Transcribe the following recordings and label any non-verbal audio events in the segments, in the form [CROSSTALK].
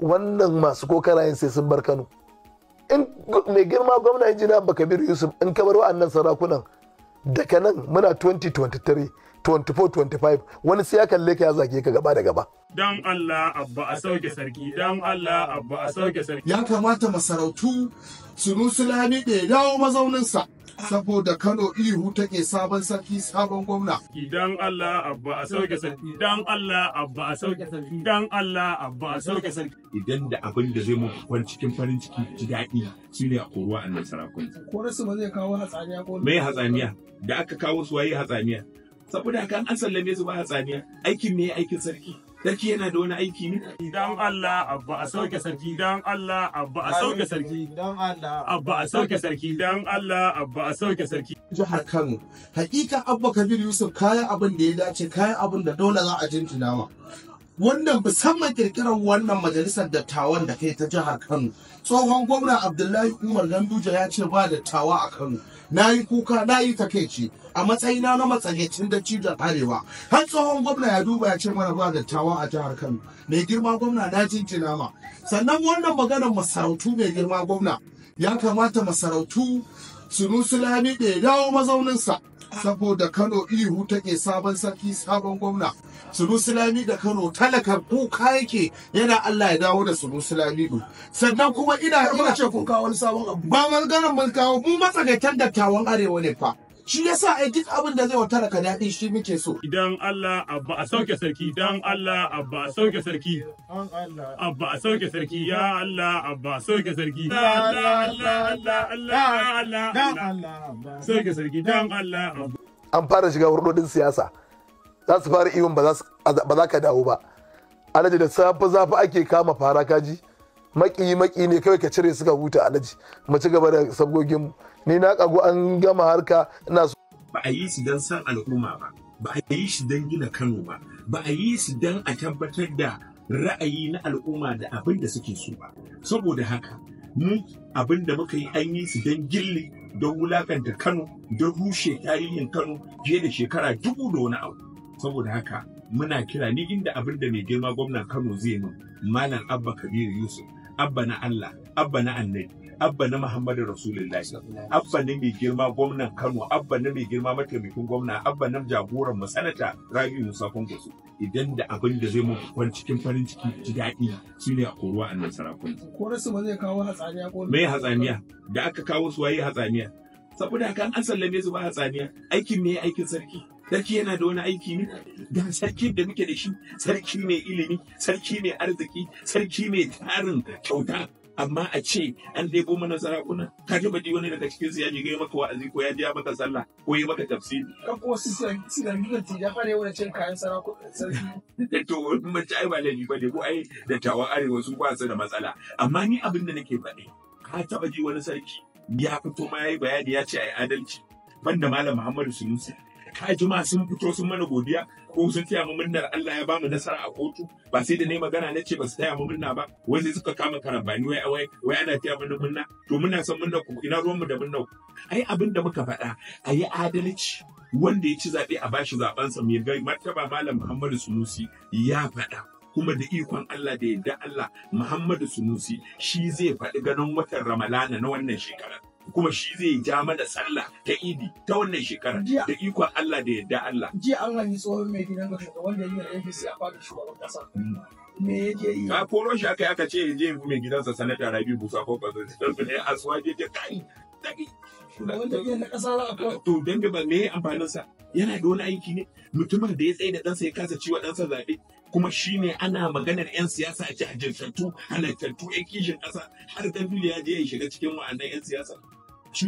wannan masu kokarayen sai sun bar kano in mai girma gwamna injiniya bakabiru yusuf in ka bar wa'annan sarakunan daga nan muna 2023 24-25 wani sai ya kalle ka ya zage ka gaba da gaba. Don Allah abba a sauke sarki, don Allah abba a sauke sarki. Ya kamata masarautu su nusulani da ya dawo mazauninsa. Saboda Kano ihu take sabon sarki sabon gwamna. Idan Allah abba a sauke sarki, idan Allah abba a sauke sarki, idan Allah abba a sauke sarki. Idan da abin da zai muku kwan cikin farin ciki ji daɗi shi ne a koruwa annan sarakun. Ko rasu ba zai kawo hatsaniya ko. Me hatsaniya? Da aka kawo su waye hatsaniya? saboda kan an sallame su ba a tsamiya aikin me aikin sarki sarki yana da wani aiki ne idan Allah abba a sauke sarki idan Allah abba a sauke sarki idan Allah abba a sauke sarki idan Allah abba a sauke sarki jihar Kano hakika abba Kabir Yusuf kayan abin da ya dace kayan abin da dole za a jinjina ma wanda musamman kirkirar wannan majalisar dattawan da kai ta jihar Kano. Tsohon gwamna Abdullahi Umar Ganduja ya ce ba dattawa a Kano. Na yi kuka na yi takeici a matsayina na matsanancin dattijan arewa. Har tsohon gwamna ya duba ya ce mana ba dattawa a jihar Kano. Mai girma gwamna na jinjina ma. Sannan wannan maganar masarautu mai girma gwamna ya kamata masarautu su da ya dawo mazauninsa saboda Kano ihu take sabon sarki sabon gwamna sulami da Kano talaka kuka yake yana Allah ya dawo da sulami do sannan kuma ina ina ce kun kawo wani sabon abu ba maganar mun kawo mu matsakaitan dattawan arewa ne fa shi ya sa a duk abin da zai wata ka daɗi shi muke so idan Allah abba a sauke sarki dan Allah abba a sauke sarki abba a sauke sarki ya Allah abba a sauke sarki Allah Allah Allah Allah Allah sauke sarki Allah an fara shiga hurdodin siyasa za su fara iwon ba za ka dawo ba alaji da safe zafi ake kama fara kaji maki maki ne kawai ka cire suka huta alaji mu ci gaba da sabgogin ni na kagu an gama harka ina so ba a yi su don san al'umma ba ba a yi shi don gina Kano ba ba a yi su don a tabbatar da ra'ayi na al'umma da abin da suke so ba saboda haka mu abin da muka yi an yi su don gilli don wulakanta Kano don rushe tarihin Kano fiye da shekara dubu da wani abu saboda haka muna kira ni inda abin da mai girma gwamnan Kano zai min Malam Abba Kabiru Yusuf abba na Allah abba na annabi abba na Muhammadu Rasulullahi abba na mai girma gwamnan Kano abba na mai girma mataimakin gwamna abba na jagoran masanata rayu Rabi'u Musa Kwankwaso idan da abin da zai muku kwan cikin farin ciki ji daɗi ne a koruwa annan nan sarakun. rasu ba zai kawo hatsaniya ko mai hatsaniya da aka kawo su waye hatsaniya saboda haka an sallame su ba hatsaniya aikin ne aikin sarki sarki yana da wani aiki ne da sarki da muke da shi sarki mai ilimi sarki mai arziki sarki mai tarin kyauta amma a ce an debo mana sarakuna ka ji ji wani daga cikin su ya ji maka wa'azi ko ya je maka sallah ko ya maka tafsiri ka ko su su da gidan ti ya fara yawan cin kayan sarakuna sarki [LAUGHS] to mace ai ba ni ba da ko ai da tawa arewa sun kwasa da matsala amma ni abin da nake faɗi ka taba ji wani sarki ya fito ma yayi bayani ya ce ai adalci banda malam Muhammadu Sunusi ka jima sun fito sun mana godiya ko sun taya mu murnar Allah ya bamu nasara a kotu ba sai da ne magana na ce ba su taya mu murna ba wai sai suka kama karambani wai wai wai ana taya mu murna to muna son murna ku ina ruwan mu da murna ai abin da muka faɗa ayi adalci wanda ya ci zaɓe a bashi sa mai gai martaba malam Muhammadu Sunusi ya faɗa kuma da ikon Allah da yadda Allah Muhammadu Sunusi shi zai faɗi ganin watan Ramalana na wannan shekarar. kuma shi zai ja mana sallah ta idi ta wannan shekara da ikon Allah da yadda Allah. Jiya an hanyi tsohon mai gidan ga wanda yi da APC a fadin shugaban kasa. Hmm. Me je yi? Ka koro shi aka yi aka ce je mai gidansa sanata Rabi busa ko ba zai a je ta kai daki. Wanda yi na kasa za a kawo. To dan ba me amfaninsa? Yana da wani aiki ne mutumin da ya tsaye da ɗansa ya kasa ciwa ɗansa zaɓe. kuma shi ne ana maganar 'yan siyasa a jajirtattu halittattu 'yan kishin ƙasa har da ya je ya shiga cikin wa'annan 'yan siyasa. shi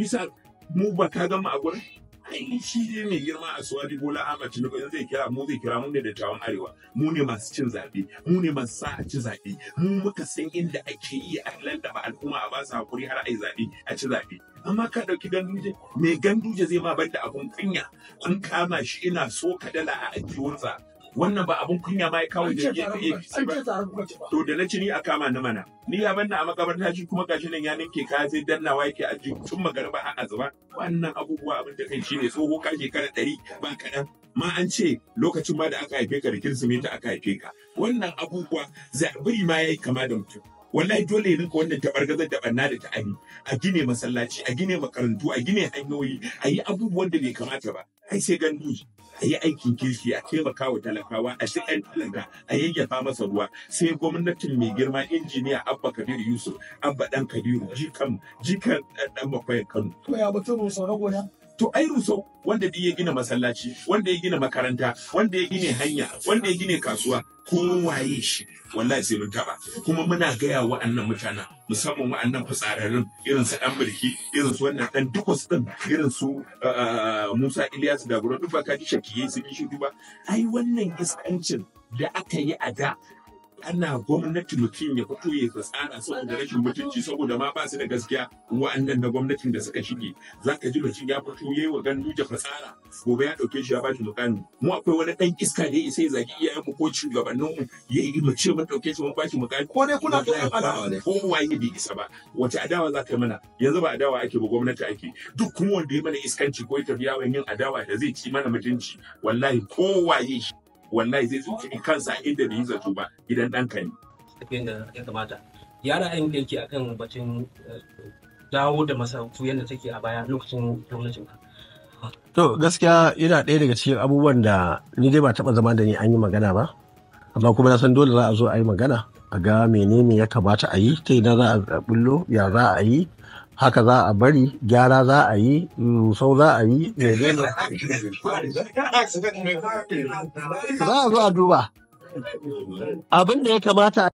mu ba ka gama a gurin ai shi ne mai girma a suwadi bola ahmad tinubu in zai kira mu zai kira mu ne da tawon arewa mu ne masu cin zaɓe mu ne masu sa a ci zaɓe mu muka san inda ake yi a lallaba al'umma a basu hakuri har a yi zaɓe a ci zaɓe amma ka ɗauki ganduje mai ganduje zai ma banda abun kunya an kama shi ina so ka dala a ajiyunsa wannan ba abun kunya ma ya kawo da ya APC ba to da na ci ni a kama na mana ni ya banna a makabarta shi kuma gashi nan ya ninke kaya sai dannawa yake aji tun magarba a azuba wannan abubuwa abin da kai shine tsoho ka shekara ɗari ba kaɗan ma an ce lokacin ma da aka haife ka da kirsimeti aka haife ka wannan abubuwa zabiri ma yayi kama da mutum wallahi dole rinka wannan tabargazar da banna da ta'ani a gine masallaci a gine makarantu a gine hanyoyi a yi abubuwan da bai kamata ba ai sai ganduji a yi aikin kirki a taimaka wa talakawa a shi ɗan talaka a yayyafa masa ruwa sai gwamnatin mai girma injiniya abba kabiru yusuf abba Ɗan kabiru jikan jikan ɗan makwai kano. Ko ya batun sauran gona. To ai Rousseau wanda duk ya gina masallaci, wanda ya gina makaranta, wanda ya gina hanya, wanda ya gina kasuwa, kun waye shi wallahi sai mun taba kuma muna gaya wa'annan mutanen musamman wa'annan fitsararrun irin su dan birki irin su wannan dan dukwas din irin su eh, eh, Musa Ilyas da Gura duk ba shakiye su gishi ba ai wannan iskancin da aka yi a da ana gwamnati mutum ya fito ya tsara saboda rashin mutunci saboda ma ba su da gaskiya wa'annan na gwamnatin da suka shige za ka ji mutum ya fito ya yi wa gandu da tsara gobe ya ɗauke shi ya bashi mukami mu akwai wani ɗan iska da ya isa zagi iyayen mu ko shugabannin mu ya yi mace mu ɗauke shi mu bashi mukami ko ne kuna da alawa ko mu waye bai isa ba wace adawa za ka mana yanzu ba adawa ake ba gwamnati ake duk kuma wanda ya mana iskanci ko ya tafi yawon yin adawa da zai ci mana mutunci wallahi waye shi wannan zai in kansa inda bai yi zato ba idan ɗanka ne. ya kamata. Yara ɗan yanki a kan bacin eh, dawo da masarautu yadda take a baya lokacin gwamnatin ka. To gaskiya yana ɗaya daga cikin abubuwan da ni dai ba taɓa zama da ni an yi magana ba. Amma kuma na san dole za a zo a yi magana a ga menene ya kamata a yi ta idan za a bullo ya za a yi haka za a bari gyara za a yi rusau za a yi za a zo a duba abin da ya kamata